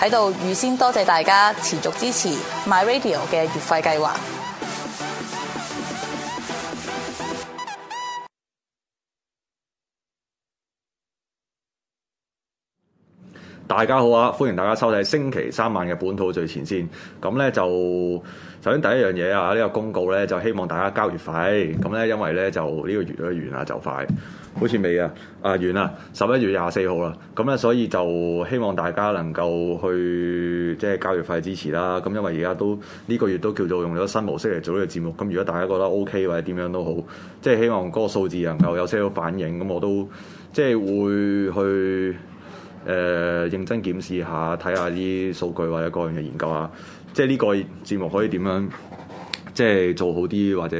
喺度預先多謝大家持續支持 My Radio 嘅月費計劃。大家好啊！歡迎大家收睇星期三晚嘅本土最前線。咁呢就首先第一樣嘢啊，呢個公告呢就希望大家交月費。咁呢，因為呢就呢個月都完啦，就快好似未啊啊完啦，十一月廿四號啦。咁呢，所以就希望大家能夠去即係交月費支持啦。咁因為而家都呢個月都叫做用咗新模式嚟做呢個節目。咁如果大家覺得 OK 或者點樣都好，即係希望嗰個數字能夠有些少反應。咁我都即係會去。誒、呃，認真檢視下，睇下啲數據或者各樣嘅研究啊，即係呢個節目可以點樣，即係做好啲，或者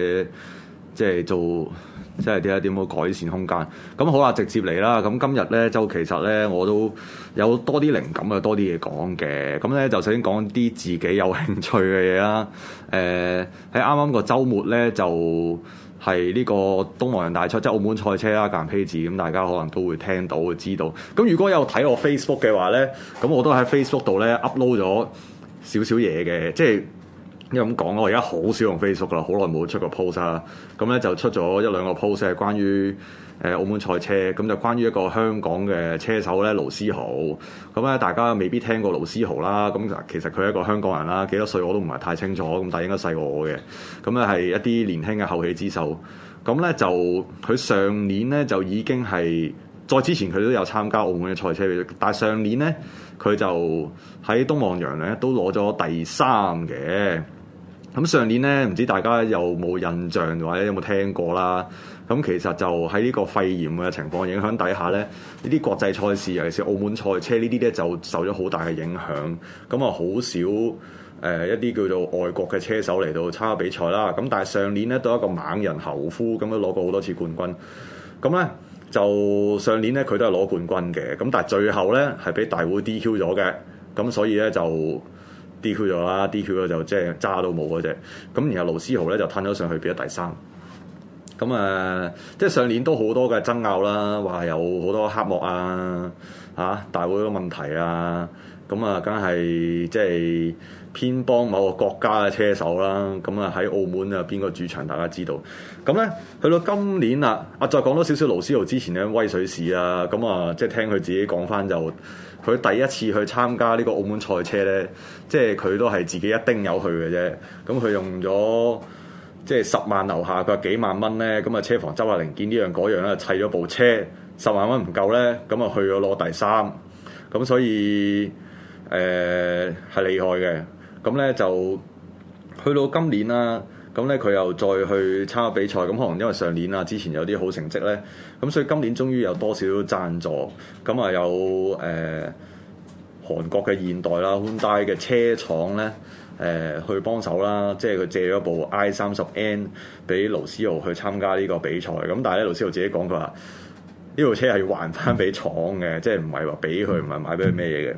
即係做即係點樣改善空間？咁好啦，直接嚟啦。咁今日咧就其實咧，我都有多啲靈感啊，多啲嘢講嘅。咁咧就想講啲自己有興趣嘅嘢啦。誒、呃，喺啱啱個週末咧就。係呢個東望洋大賽，即係澳門賽車啦、格蘭披治咁，大家可能都會聽到、會知道。咁如果有睇我 Facebook 嘅話咧，咁我都喺 Facebook 度咧 upload 咗少少嘢嘅，即係。因為咁講，我而家好少用 Facebook 啦，好耐冇出過 post 啦。咁咧就出咗一兩個 post，係關於誒澳門賽車。咁就關於一個香港嘅車手咧，盧思豪。咁咧大家未必聽過盧思豪啦。咁其實佢係一個香港人啦，幾多歲我都唔係太清楚。咁但係應該細過我嘅。咁咧係一啲年輕嘅後起之秀。咁咧就佢上年咧就已經係再之前佢都有參加澳門嘅賽車，但係上年咧佢就喺東望洋咧都攞咗第三嘅。咁上年咧，唔知大家有冇印象或者有冇聽過啦？咁其實就喺呢個肺炎嘅情況影響底下咧，呢啲國際賽事，尤其是澳門賽車呢啲咧，就受咗好大嘅影響。咁啊，好少誒一啲叫做外國嘅車手嚟到參加比賽啦。咁但係上年咧，都有一個猛人侯夫，咁都攞過好多次冠軍。咁咧就上年咧，佢都係攞冠軍嘅。咁但係最後咧，係俾大會 DQ 咗嘅。咁所以咧就。DQ 咗啦，DQ 咗就即係渣都冇嗰隻。咁然後盧思豪咧就褪咗上去變咗第三。咁啊、呃，即係上年都好多嘅爭拗啦，話有好多黑幕啊，嚇、啊、大會嘅問題啊。咁啊，梗係即係偏幫某個國家嘅車手啦。咁啊喺澳門啊，邊個主場大家知道？咁咧去到今年啊，啊再講多少少盧思豪之前咧威水士啊。咁啊，即係聽佢自己講翻就。佢第一次去參加呢個澳門賽車呢，即係佢都係自己一丁友去嘅啫。咁佢用咗即係十萬樓下，佢話幾萬蚊呢。咁啊車房周圍零件呢樣嗰樣咧，砌咗部車十萬蚊唔夠呢。咁啊去咗攞第三。咁所以誒係厲害嘅。咁呢就去到今年啦、啊。咁咧佢又再去參加比賽，咁可能因為上年啊之前有啲好成績咧，咁所以今年終於有多少贊助，咁啊有誒韓國嘅現代啦，Hyundai 嘅車廠咧誒去幫手啦，即係佢借咗部 I 三十 N 俾盧思豪去參加呢個比賽，咁但係咧盧思豪自己講佢話呢部車係要還翻俾廠嘅，即係唔係話俾佢，唔係買俾佢咩嘢嘅。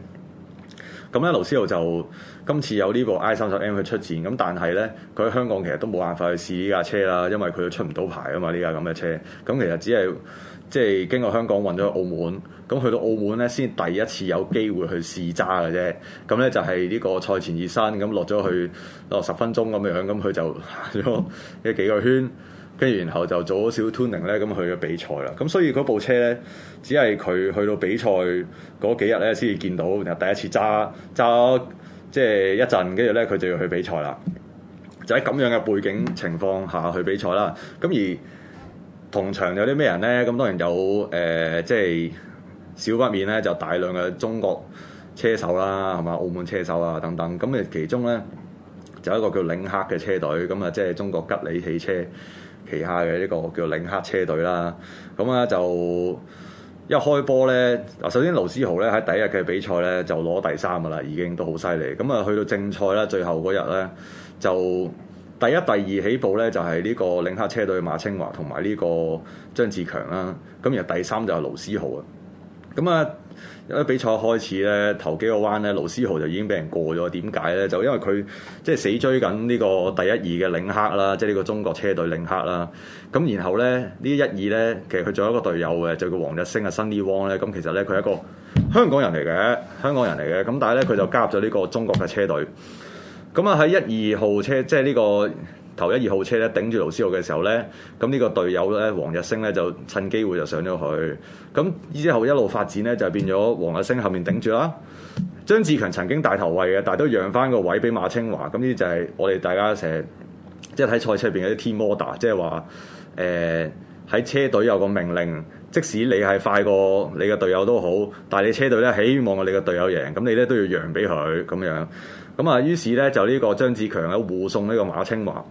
咁咧盧思豪就。今次有呢部 I 三十 M 去出戰咁，但係呢，佢喺香港其實都冇辦法去試呢架車啦，因為佢出唔到牌啊嘛。呢架咁嘅車咁，其實只係即係經過香港運咗去澳門，咁去到澳門呢，先第一次有機會去試揸嘅啫。咁呢就係、是、呢個賽前熱身咁落咗去落、啊、十分鐘咁樣，咁佢就行咗一幾個圈，跟住然後就做咗小 tuning 咁去咗比賽啦。咁所以嗰部車呢，只係佢去到比賽嗰幾日呢，先至見到，然後第一次揸揸。即係一陣，跟住咧佢就要去比賽啦。就喺咁樣嘅背景情況下去比賽啦。咁而同場有啲咩人呢？咁當然有誒、呃，即係少不免咧，就大量嘅中國車手啦，係嘛？澳門車手啊等等。咁誒其中呢，就有一個叫領克嘅車隊，咁啊即係中國吉利汽車旗下嘅一個叫領克車隊啦。咁啊就。一開波咧，首先盧思豪咧喺第一日嘅比賽咧就攞第三噶啦，已經都好犀利。咁啊，去到正賽啦，最後嗰日咧就第一、第二起步咧就係呢個領克車隊馬青華同埋呢個張志強啦。咁然後第三就係盧思豪啊。咁啊，比賽開始咧，頭幾個彎咧，盧思豪就已經俾人過咗。點解咧？就因為佢即係死追緊呢個第一二嘅領克啦，即係呢個中國車隊領克啦。咁然後咧，呢一二咧，其實佢仲有一個隊友嘅，就叫黃日升啊，Sunny Wong 咧。咁其實咧，佢係一個香港人嚟嘅，香港人嚟嘅。咁但係咧，佢就加入咗呢個中國嘅車隊。咁啊，喺一二號車，即係呢個。頭一二號車咧，頂住盧思豪嘅時候咧，咁呢個隊友咧，黃日升咧就趁機會就上咗去。咁之後一路發展咧，就變咗黃日升後面頂住啦。張志強曾經大頭位嘅，但係都讓翻個位俾馬清華。咁呢就係我哋大家成日即係睇賽車入邊嗰啲 team order，即係話誒喺車隊有個命令，即使你係快過你嘅隊友都好，但係你車隊咧希望你嘅隊友贏，咁你咧都要讓俾佢咁樣。咁啊，於是咧就呢個張志強咧護送呢個馬清華。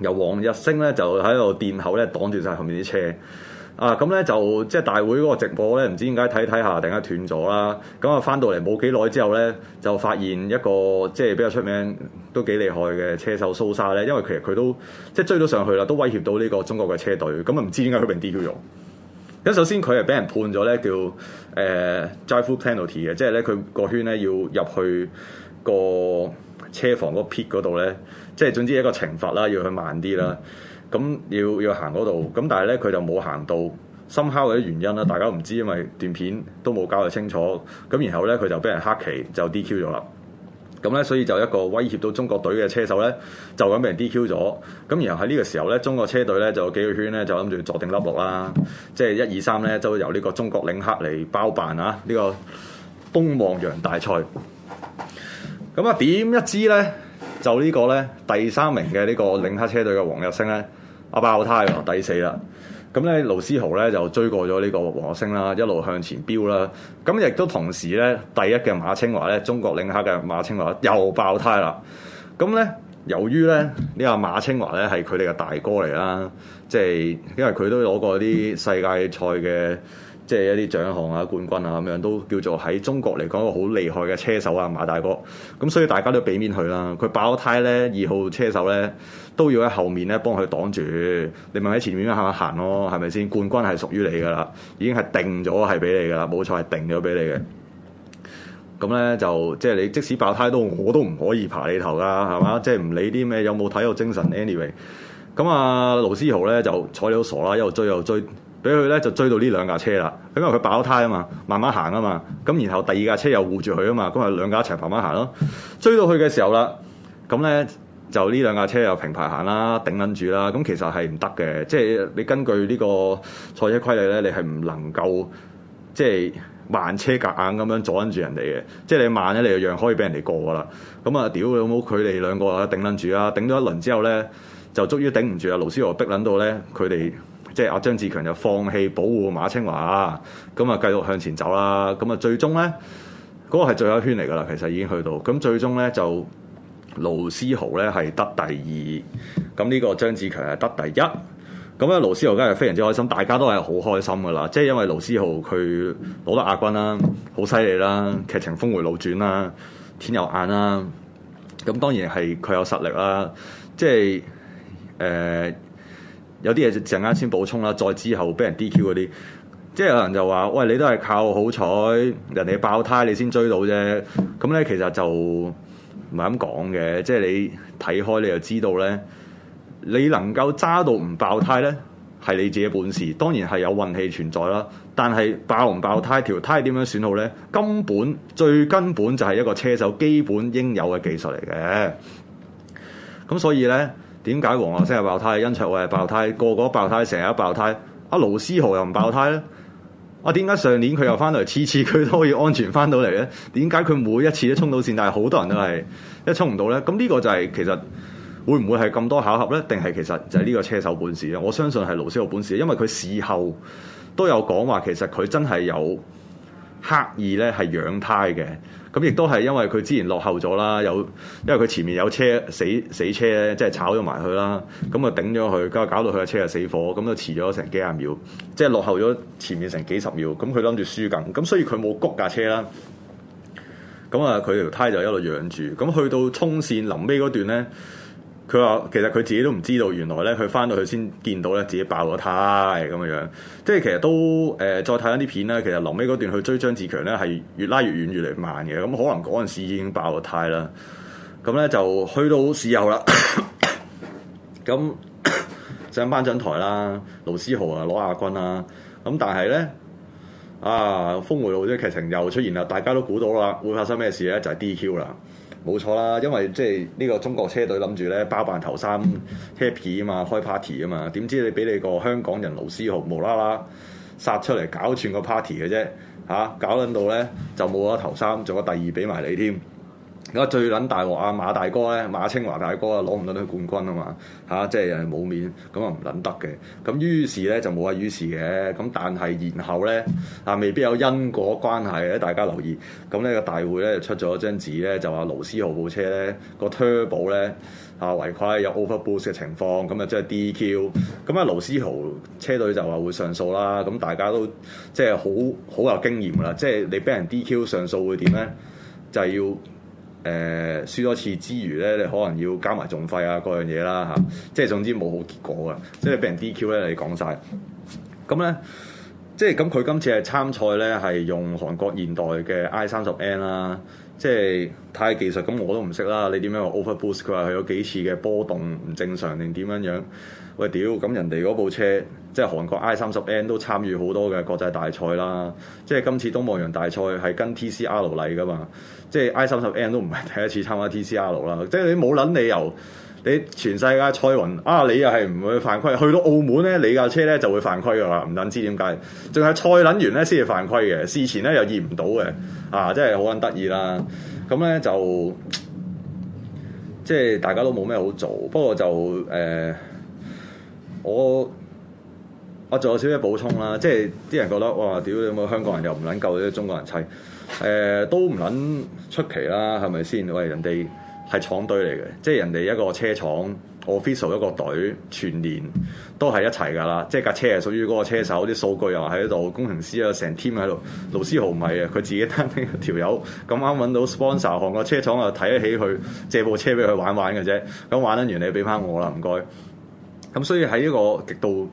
由王日升咧就喺度墊口咧擋住晒後面啲車啊！咁咧就即係、就是、大會嗰個直播咧，唔知點解睇睇下突然間斷咗啦。咁啊翻到嚟冇幾耐之後咧，就發現一個即係、就是、比較出名、都幾厲害嘅車手蘇莎咧。因為其實佢都即係、就是、追咗上去啦，都威脅到呢個中國嘅車隊。咁啊唔知點解佢被 DQ 咗咗。咁首先佢係俾人判咗咧叫誒、呃、drive through penalty 嘅，即係咧佢個圈咧要入去、那個。車房嗰個 pit 嗰度呢，即係總之一個懲罰啦，要去慢啲啦，咁要要行嗰度，咁但係呢，佢就冇行到深敲嘅原因啦，大家唔知，因為段片都冇交代清楚，咁然後呢，佢就俾人黑旗就 DQ 咗啦，咁呢，所以就一個威脅到中國隊嘅車手呢，就咁俾人 DQ 咗，咁然後喺呢個時候呢，中國車隊呢，就有幾個圈呢，就諗住坐定粒落啦，即係一二三呢就由呢個中國領克嚟包辦啊呢個東望洋大賽。咁啊，點一支咧？就呢個咧，第三名嘅呢個領克車隊嘅黃日升咧，阿爆胎，第四啦。咁咧，盧思豪咧就追過咗呢個黃日升啦，一路向前飆啦。咁亦都同時咧，第一嘅馬清華咧，中國領克嘅馬清華又爆胎啦。咁咧，由於咧，呢個馬清華咧係佢哋嘅大哥嚟啦，即係因為佢都攞過啲世界賽嘅。即係一啲獎項啊、冠軍啊咁樣，都叫做喺中國嚟講一個好厲害嘅車手啊，馬大哥咁，所以大家都俾面佢啦。佢爆胎咧，二號車手咧都要喺後面咧幫佢擋住。你咪喺前面行下行咯，啊？係咪先，冠軍係屬於你㗎啦，已經係定咗係俾你㗎啦，冇錯係定咗俾你嘅。咁咧就即係你即使爆胎都我都唔可以爬你頭㗎，係嘛？即係唔理啲咩有冇體育精神，anyway。咁啊，盧思豪咧就睬你好傻啦，一路追又追。俾佢咧就追到呢兩架車啦，因為佢爆胎啊嘛，慢慢行啊嘛，咁然後第二架車又護住佢啊嘛，咁係兩架一齊慢慢行咯。追到去嘅時候啦，咁咧就呢兩架車又平排行啦，頂撚住啦。咁其實係唔得嘅，即係你根據呢個賽車規例咧，你係唔能夠即係慢車夾硬咁樣阻撚住人哋嘅。即係你慢咗，你又讓可以俾人哋過噶啦。咁啊屌佢老母，佢哋兩個啊頂撚住啊？頂咗一輪之後咧，就終於頂唔住啊！盧思豪逼撚到咧，佢哋。即係阿張志強就放棄保護馬清華，咁啊繼續向前走啦。咁啊最終咧，嗰個係最後一圈嚟噶啦，其實已經去到。咁最終咧就盧思豪咧係得第二，咁呢個張志強係得第一。咁咧盧思豪梗係非常之開心，大家都係好開心噶啦。即係因為盧思豪佢攞得亞軍啦，好犀利啦，劇情峰回路轉啦，天有眼啦。咁當然係佢有實力啦，即係誒。呃有啲嘢就陣間先補充啦，再之後俾人 DQ 嗰啲，即係有人就話，喂，你都係靠好彩，人哋爆胎你先追到啫。咁咧，其實就唔係咁講嘅，即係你睇開，你就知道咧，你能夠揸到唔爆胎咧，係你自己本事，當然係有運氣存在啦。但係爆唔爆胎，條胎點樣選好咧？根本最根本就係一個車手基本應有嘅技術嚟嘅。咁所以咧。點解黃學星爆胎？恩卓偉爆胎，個個爆胎，成日爆胎。阿、啊、盧思豪又唔爆胎咧？阿點解上年佢又翻嚟，次次佢都可以安全翻到嚟咧？點解佢每一次都衝到線，但係好多人都係一衝唔到咧？咁呢個就係、是、其實會唔會係咁多巧合咧？定係其實就係呢個車手本事咧？我相信係盧思豪本事，因為佢事後都有講話，其實佢真係有刻意咧係養胎嘅，咁亦都係因為佢之前落後咗啦，有因為佢前面有車死死車咧，即係炒咗埋佢啦，咁啊頂咗佢，咁啊搞到佢嘅車啊死火，咁就遲咗成幾廿秒，即係落後咗前面成幾十秒，咁佢諗住輸緊，咁所以佢冇谷架車啦，咁啊佢條胎就一路養住，咁去到衝線臨尾嗰段咧。佢話：其實佢自己都唔知道，原來咧佢翻到去先見到咧自己爆咗胎咁嘅樣，樣。即係其實都誒、呃、再睇翻啲片咧，其實臨尾嗰段去追張志強咧係越拉越遠，越嚟越慢嘅。咁、嗯、可能嗰陣時已經爆咗胎啦。咁、嗯、咧就去到事後啦。咁 上頒獎台啦，盧思豪啊攞亞軍啦。咁但係咧啊，峯迴路的劇情又出現啦，大家都估到啦會發生咩事咧？就係、是、DQ 啦。冇錯啦，因為即係呢個中國車隊諗住咧包辦頭三 happy 啊嘛，開 party 啊嘛，點知你俾你個香港人盧思豪無啦啦殺出嚟搞串個 party 嘅啫嚇，搞到咧就冇咗頭三，做咗第二俾埋你添。而家最撚大鑊啊，馬大哥咧，馬清華大哥啊，攞唔到啲冠軍啊嘛，嚇，即係人冇面，咁啊唔撚得嘅。咁於是咧就冇話於是嘅，咁但係然後咧啊，未必有因果關係嘅。大家留意，咁呢個大會咧就出咗張紙咧，就話盧思豪部車咧個 turbo 咧啊違規有 overboost 嘅情況，咁啊即係 DQ。咁啊盧思豪車隊就話會上訴啦。咁大家都即係好好有經驗噶啦，即係你俾人 DQ 上訴會點咧，就係要。誒、呃、輸多次之餘咧，你可能要交埋重費啊，各樣嘢啦嚇、啊，即係總之冇好結果嘅，即係俾人 DQ 咧，你講晒咁咧，即係咁佢今次係參賽咧，係用韓國現代嘅 I 三十 N 啦、啊。即係太技術，咁我都唔識啦。你點樣話 overboost？佢話係有幾次嘅波動唔正常定點樣樣？喂屌！咁人哋嗰部車即係韓國 I 三十 N 都參與好多嘅國際大賽啦。即係今次東望洋大賽係跟 T C R 嚟㗎嘛？即係 I 三十 N 都唔係第一次參加 T C R 喇啦。即係你冇撚理由。你全世界賽運啊，你又係唔會犯規，去到澳門咧，你架車咧就會犯規噶啦，唔撚知點解，淨係賽撚完咧先至犯規嘅，事前咧又驗唔到嘅，啊，真係好撚得意啦！咁、嗯、咧就即係大家都冇咩好做，不過就誒、呃、我我仲有少少補充啦，即係啲人覺得哇，屌你冇香港人又唔撚夠啲中國人砌，誒、呃、都唔撚出奇啦，係咪先？喂，人哋～係廠隊嚟嘅，即係人哋一個車廠 ，official 一個隊，全年都係一齊㗎啦。即係架車係屬於嗰個車手，啲數據又喺度，工程師啊，成 team 喺度。盧 思豪唔係啊，佢自己單兵一條友，咁啱揾到 sponsor，韓國車廠又睇得起佢，借部車俾佢玩玩嘅啫。咁玩得完，你俾翻我啦，唔該。咁所以喺一個極度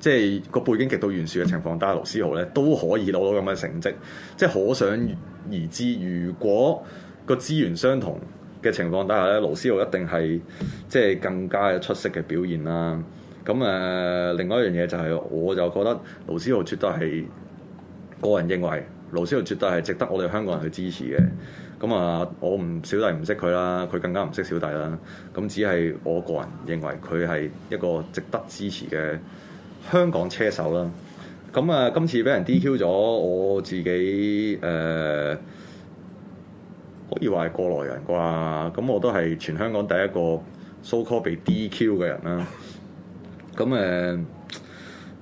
即係個背景極度懸殊嘅情況底下，但係盧思豪咧都可以攞到咁嘅成績，即係可想而知。如果個資源相同，嘅情況底下咧，盧思豪一定係即係更加有出色嘅表現啦。咁誒、呃，另外一樣嘢就係、是，我就覺得盧思豪絕對係個人認為，盧思豪絕對係值得我哋香港人去支持嘅。咁啊，我唔小弟唔識佢啦，佢更加唔識小弟啦。咁只係我個人認為，佢係一個值得支持嘅香港車手啦。咁啊、呃，今次俾人 DQ 咗，我自己誒、呃可以話係過來人啩，咁我都係全香港第一個 so call 被 DQ 嘅人啦。咁誒、呃，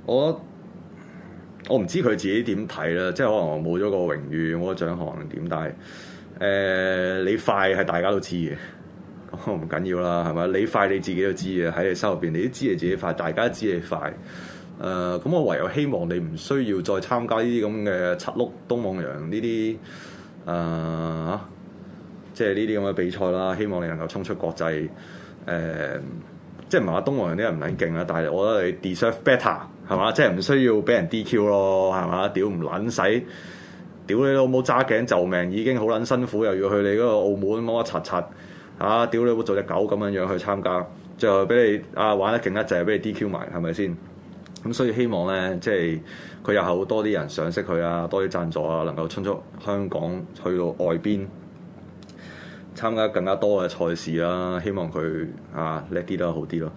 我我唔知佢自己點睇啦，即係可能我冇咗個榮譽，我個獎項點，但係誒、呃、你快係大家都知嘅，唔 緊要啦，係咪？你快你自己都知嘅，喺你手入邊，你都知你自己快，大家都知你快。誒、呃、咁，我唯有希望你唔需要再參加呢啲咁嘅七碌東望洋呢啲誒即係呢啲咁嘅比賽啦，希望你能夠衝出國際。誒、嗯，即係唔係話東望洋啲人唔撚勁啦，但係我覺得你 deserve better 係嘛，即係唔需要俾人 DQ 咯，係嘛？屌唔撚使，屌你老母揸頸救命，已經好撚辛苦，又要去你嗰個澳門摸一擦擦。啊，屌你老母做隻狗咁樣樣去參加，最後俾你啊玩得勁一陣，俾你 DQ 埋係咪先？咁所以希望咧，即係佢又好多啲人賞識佢啊，多啲贊助啊，能夠衝出香港去到外邊。參加更加多嘅賽事啦，希望佢啊叻啲咯，好啲咯，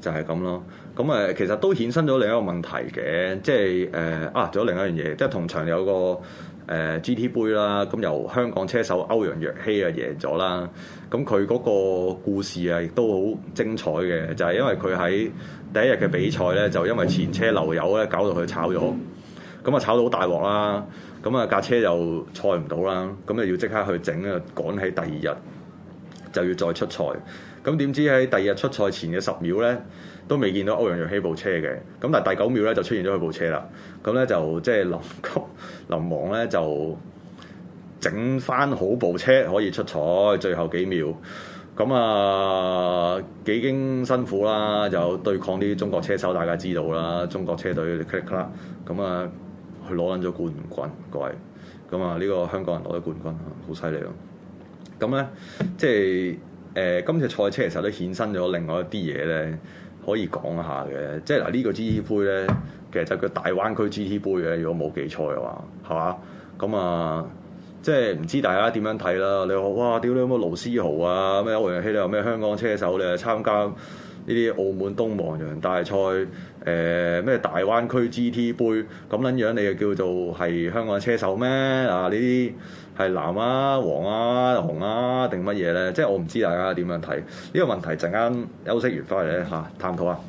就係咁咯。咁誒，其實都衍生咗另一個問題嘅，即係誒啊，仲、呃、有另一樣嘢，即係同場有個誒、呃、GT 杯啦，咁由香港車手歐陽若曦啊贏咗啦。咁佢嗰個故事啊亦都好精彩嘅，就係、是、因為佢喺第一日嘅比賽咧，就因為前車漏油咧，搞到佢炒咗。咁啊，炒到好大鑊啦！咁啊，架車又賽唔到啦，咁啊，要即刻去整啊，趕喺第二日就要再出賽。咁點知喺第二日出賽前嘅十秒咧，都未見到歐陽若希部車嘅。咁但係第九秒咧就出現咗佢部車啦。咁咧就即係臨急臨忙咧就整翻好部車可以出賽。最後幾秒，咁啊幾經辛苦啦，就對抗啲中國車手，大家知道啦，中國車隊 click click 咁啊！攞撚咗冠軍，各位咁啊！呢、這個香港人攞咗冠軍，好犀利咯！咁咧，即係誒、呃、今次賽車其實都衍生咗另外一啲嘢咧，可以講下嘅。即係嗱，這個、呢個 GT 杯咧，其實就叫大灣區 GT 杯嘅。如果冇記錯嘅話，係嘛？咁啊，即係唔知大家點樣睇啦？你話哇，屌你有冇盧思豪啊？咩？歐陽希咧，有咩香港車手咧參加？呢啲澳門東望洋大賽，誒、呃、咩大灣區 GT 杯咁撚樣，你又叫做係香港車手咩？啊，呢啲係藍啊、黃啊、紅啊定乜嘢咧？即係我唔知大家點樣睇呢個問題。陣間休息完翻嚟咧嚇，探討下。